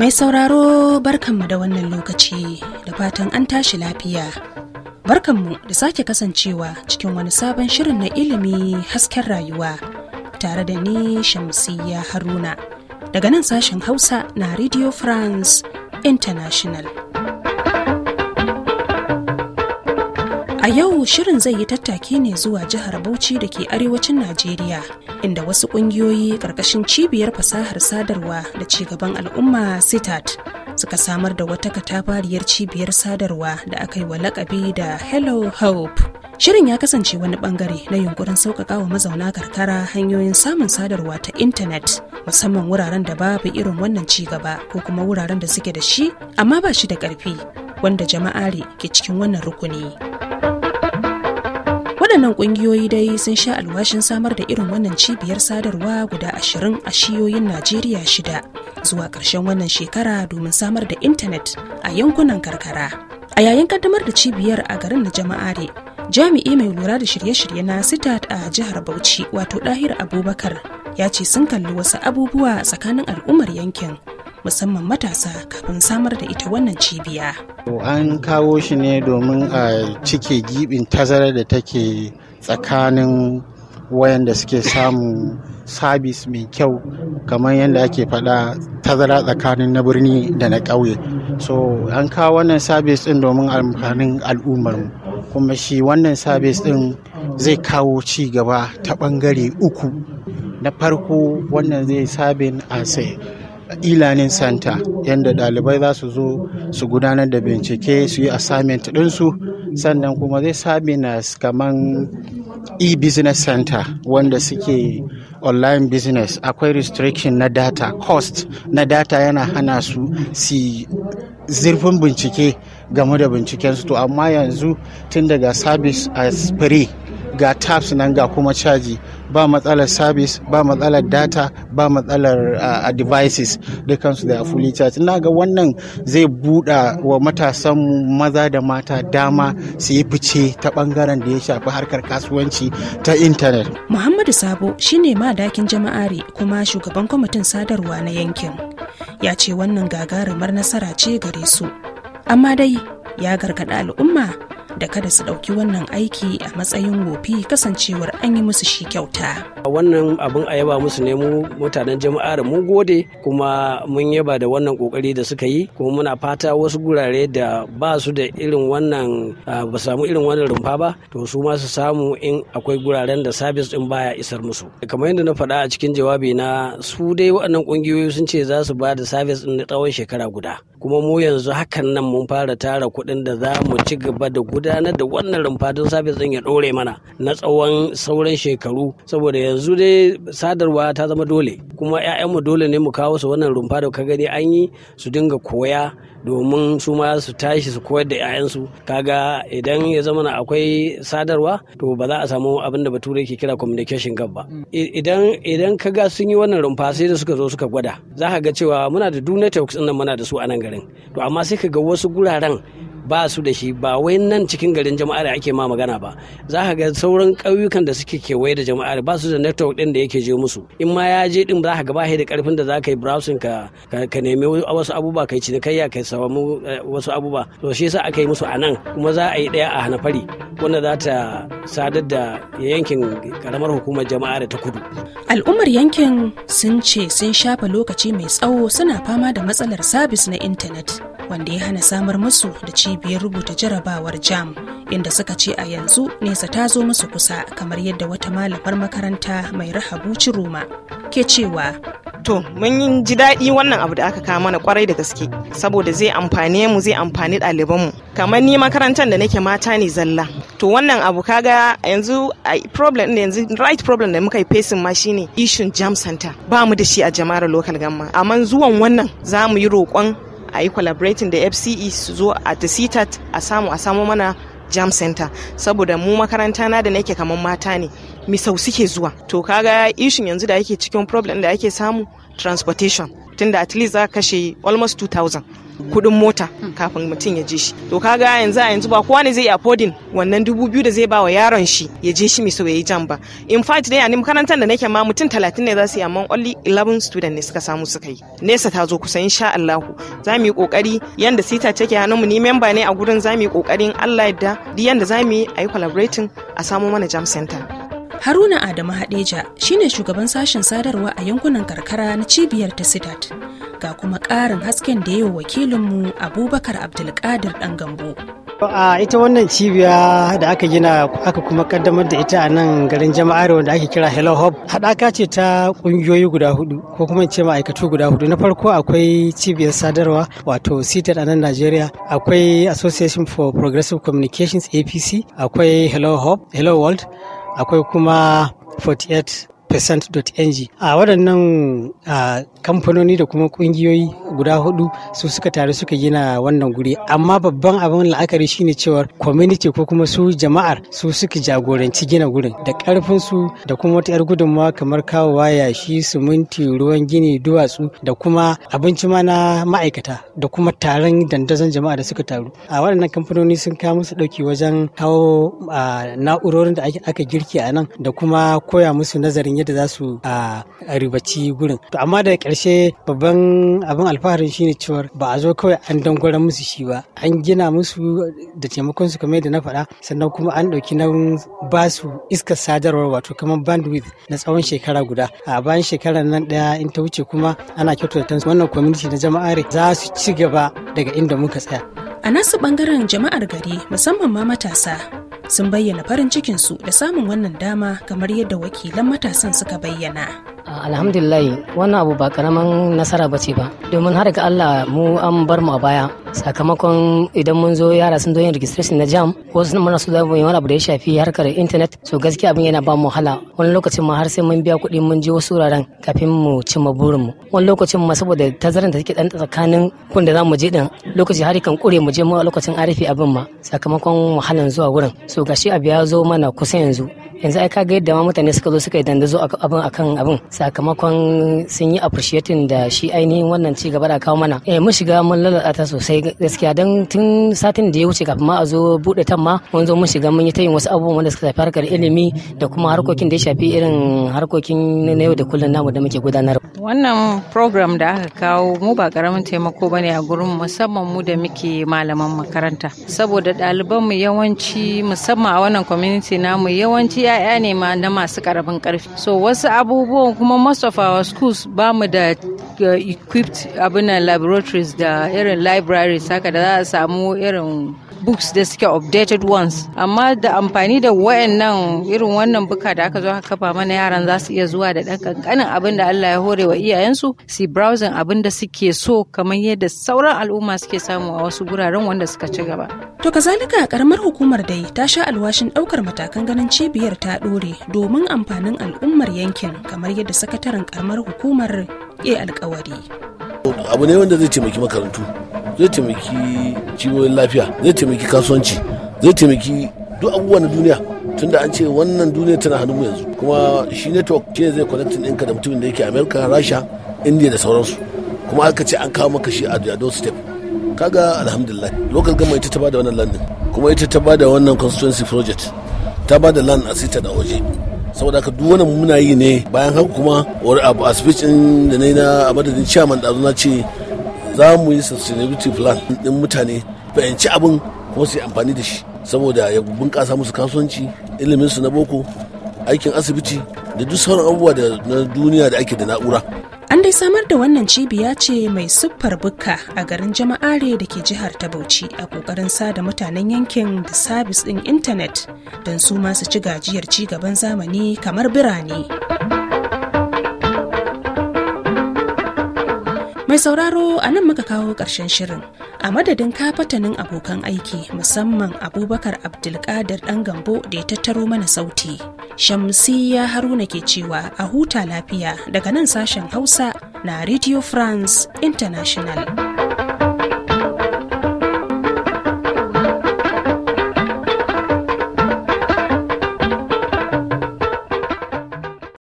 Mai sauraro barkanmu da wannan lokaci da fatan an tashi lafiya. Barkanmu da sake kasancewa cikin wani sabon shirin na ilimi hasken rayuwa tare da ni Shamsiyya Haruna daga nan sashen Hausa na Radio France International. A yau shirin zai yi tattaki ne zuwa jihar Bauchi da ke arewacin Najeriya, inda wasu ƙungiyoyi ƙarƙashin cibiyar fasahar sadarwa da cigaban al'umma sitat suka samar da wata katafariyar cibiyar sadarwa da aka yi wa lakabi da Hello Hope. Shirin ya kasance wani bangare na yunkurin sauƙaƙa wa mazauna karkara hanyoyin samun sadarwa ta intanet musamman wuraren da babu irin wannan ci gaba ko kuma wuraren da suke da shi amma ba shi da ƙarfi wanda jama'a ke cikin wannan rukuni. waɗannan ƙungiyoyi dai sun sha alwashin samar da irin wannan cibiyar sadarwa guda ashirin a shiyoyin najeriya shida zuwa ƙarshen wannan shekara domin samar da intanet a yankunan karkara a yayin kaddamar da cibiyar a garin na jama'a jama'are jami'i mai lura da shirye-shirye na sitat a jihar bauchi wato ɗahir abubakar ya ce sun kalli wasu abubuwa tsakanin al'ummar yankin musamman matasa kafin samar da ita wannan cibiya. An kawo shi ne domin a cike gibin tazarar da take tsakanin wayanda suke samun sabis mai kyau kamar yadda ake faɗa tazara tsakanin na birni da na ƙauye so an kawo wannan sabis ɗin domin amfanin mu. kuma shi wannan sabis ɗin zai kawo ci gaba ta ɓangare uku na farko wannan zai sabin a e-learning center yadda ɗalibai za su zo su gudanar da bincike su yi assignment ɗinsu sannan kuma zai seminars kamar e-business center wanda suke online business akwai restriction na data cost na data yana hana su si zirfin bincike game da bincikensu to amma yanzu tun daga service as free ga tabs nan ga kuma caji ba matsalar service ba matsalar data ba matsalar uh, devices kansu da fully charged ina ga wannan zai buɗa wa matasan maza da mata dama su yi fice ta bangaren da ya shafi harkar kasuwanci ta intanet muhammadu sabo shine madakin jama'ari kuma shugaban kwamitin sadarwa na yankin ya ce wannan gagarumar nasara ce gare su amma dai ya gargaɗa al'umma da kada su ɗauki wannan aiki a matsayin wofi kasancewar an yi musu shi kyauta. Wannan abin a yaba musu ne mu mutanen jama'ar mu gode kuma mun yaba da wannan kokari da suka yi kuma muna fata wasu gurare da ba su da irin wannan ba samu irin wannan rumfa ba to su ma su samu in akwai guraren da sabis din baya isar musu. Kamar yadda na faɗa a cikin jawabi na su dai waɗannan ƙungiyoyi sun ce za su ba da sabis din na tsawon shekara guda kuma mu yanzu hakan nan mun fara tara kuɗin da za mu ci gaba da gudu gudanar da wannan rumfa don sabis ya ɗore mana na tsawon sauran shekaru saboda yanzu dai sadarwa ta zama dole kuma 'ya'yanmu dole ne mu kawo su wannan rumfa da ka gani an yi su dinga koya domin su ma su tashi su koyar da 'ya'yansu kaga idan ya zama na akwai sadarwa to ba za a samu abin da bature ke kira communication gab ba idan idan ka ga sun yi wannan rumfa sai da suka zo suka gwada za ka ga cewa muna da duk networks nan muna da su a nan garin to amma sai ka ga wasu guraren ba su da shi ba wai nan cikin garin jama'ar ake ma magana ba za ka ga sauran ƙauyukan da suke kewaye da jama'ar ba su da network ɗin da yake je musu in ma ya je ɗin za ka ga ba da ƙarfin da za ka yi browsing ka ka nemi wasu abubuwa kai cinikayya kai samu eh, wasu abubuwa to shi yasa aka yi musu a nan kuma za a yi ɗaya a hanafari wanda za ta sadar da yankin karamar hukumar jama'a da ta kudu. Al'ummar yankin sun ce sun shafa lokaci mai tsawo suna fama da matsalar sabis na intanet wanda ya hana samar musu da cibiyar rubuta jarabawar jam inda suka ce a yanzu nesa ta zo musu kusa kamar yadda wata malamar makaranta mai rahabu Ciroma ke cewa to mun ji daɗi wannan abu da aka kawo mana kwarai da gaske saboda zai amfane mu zai amfani ɗalibanmu kamar ni makarantar da nake mata ne zalla to wannan abu kaga yanzu a problem da yanzu right problem da muka yi facing ma shine ishin jam center ba mu da shi a jama'ar local gamma amma zuwan wannan za mu yi roƙon a yi collaborating da fce su zo a the sitat a samu a samu mana jam center saboda mu makaranta na da nake kamar mata ne sau suke zuwa to kaga ishin yanzu da ake cikin problem da ake samu transportation tunda at least za ka kashe almost 2000 kudin mota kafin mutum ya je shi to kaga yanzu a yanzu ba kowa ne zai afodin wannan dubu biyu da zai ba wa yaron shi ya je shi mai so jan jan ba in fact dai a makarantar da nake ma mutum talatin ne za su yi amma only 11 student ne suka samu suka yi nesa ta zo kusa insha Allah za mu yi kokari yanda sita take hannun mu ni memba ne a gurin za mu yi kokarin Allah yadda duk yanda za mu yi a yi collaborating a samu mana jam center haruna adamu hadeja shine shugaban sashen sadarwa a yankunan karkara na cibiyar ta sitat ga kuma ƙarin hasken da yawa wakilinmu abubakar abdulkadir ɗan gambo a ita wannan cibiya da aka gina aka kuma kaddamar da ita a nan garin jama'ar wanda ake kira hello hub haɗaka ce ta ƙungiyoyi guda hudu ko kuma ce ma'aikatu guda hudu na farko akwai cibiyar sadarwa wato sitat a nan najeriya akwai association for progressive communications apc akwai hello hub hello world akwai kuma 48 percent.ng a waɗannan kamfanoni da kuma ƙungiyoyi guda hudu su suka taru suka gina wannan guri amma babban abin la'akari shine cewa community ko kuma su jama'ar su suka jagoranci gina gurin da ƙarfin su da kuma wata 'yar gudunmawa kamar kawowa yashi siminti ruwan gini duwatsu da kuma abinci ma na ma'aikata da kuma taron dandazon jama'a da suka taru a waɗannan kamfanoni sun kawo musu ɗauki wajen kawo na'urorin da aka girki a nan da kuma koya musu nazarin yadda za su a ribaci gurin to amma da ƙarshe babban abin alfaharin shine cewa ba a zo kawai an dangwara musu shi ba an gina musu da taimakon su kamar yadda na faɗa sannan kuma an ɗauki nauyin ba su iskar sadarwar wato kamar bandwidth na tsawon shekara guda a bayan shekarar nan ɗaya in ta wuce kuma ana kyautata wannan community na jama'a za su ci gaba daga inda muka tsaya a nasu bangaren jama'ar gari musamman ma matasa sun bayyana farin cikinsu da samun wannan dama kamar yadda wakilan matasan suka bayyana. Ah, alhamdulillah wannan abu ba karaman nasara ba ce ba domin har ga allah mu an bar mu a baya sakamakon idan mun zo yara sun zo yin registration na jam wasu mana su zama wani abu da ya shafi harkar internet so gaskiya abin yana ba mu hala wani lokacin ma har sai mun biya kuɗi mun je wasu wuraren kafin mu ma burin mu wani lokacin ma saboda tazaran da take dan tsakanin kun da za mu je din lokaci har kan kure mu je mu lokacin arifi abin ma sakamakon wahalan zuwa wurin so gashi abu ya zo mana kusa yanzu yanzu ai kaga yadda ma mutane suka zo suka yi dandazo abin akan abin sakamakon sun yi appreciating da shi ainihin wannan ci gaba da kawo mana eh mun shiga mun lalata sosai gaskiya dan tun satin da ya wuce kafin ma a zo bude tan ma mun zo mun shiga mun yi ta yin wasu abubuwan wanda suka shafi harkar ilimi da kuma harkokin da ya shafi irin harkokin na yau da kullum namu da muke gudanar wannan program da aka kawo mu ba karamin taimako bane a gurin musamman mu da muke malaman makaranta saboda ɗalibanmu yawanci musamman a wannan community namu yawanci 'ya'ya ne ma na masu karamin karfi so wasu abubuwan kuma most of our schools ba mu da uh, equipped abinan laboratories da irin libraries haka da za a samu irin books da suke updated ones amma da amfani da wayannan irin wannan buka da aka zo aka kafa mana yaran za su iya zuwa da dan kankanin abin da Allah ya hore wa iyayensu su browsing abin da suke so kamar yadda sauran al'umma suke samu a wasu guraren wanda suka ci gaba. To kazalika karamar hukumar dai ta sha alwashin ɗaukar matakan ganin cibiyar ta dore domin amfanin al'ummar yankin kamar yadda sakataren karamar hukumar ya alkawari. Abu ne wanda zai taimaki makarantu zai taimaki cibiyoyin lafiya zai taimaki kasuwanci zai taimaki duk abubuwan na duniya tunda an ce wannan duniya tana hannunmu yanzu kuma shi network ce zai in ɗinka da mutumin da yake america rasha indiya da sauransu kuma aka ce an kawo maka shi a yado step kaga alhamdulillah local gama ita ta bada wannan landin kuma ita ta bada wannan constituency project ta bada land a sita da waje saboda ka duk wannan muna yi ne bayan haka kuma a speech din da na yi na madadin chairman da na ce za mu yi sustainability plan in mutane fahimci abin kuma su amfani da shi saboda ya bunƙasa musu kasuwanci ilimin su na boko aikin asibiti da duk sauran abubuwa da na duniya da ake da na'ura an dai samar da wannan cibiya ce mai siffar bukka a garin jama'are da ke jihar ta bauchi a kokarin sada mutanen yankin da sabis ɗin intanet don su masu ci gajiyar ci gaban zamani kamar birane. mai sauraro a nan muka kawo ƙarshen shirin a madadin kafatanin abokan aiki musamman abubakar abdulkadir ɗan gambo da ya tattaro mana sauti shamsiya haruna ke cewa a huta lafiya daga nan sashen hausa na radio france international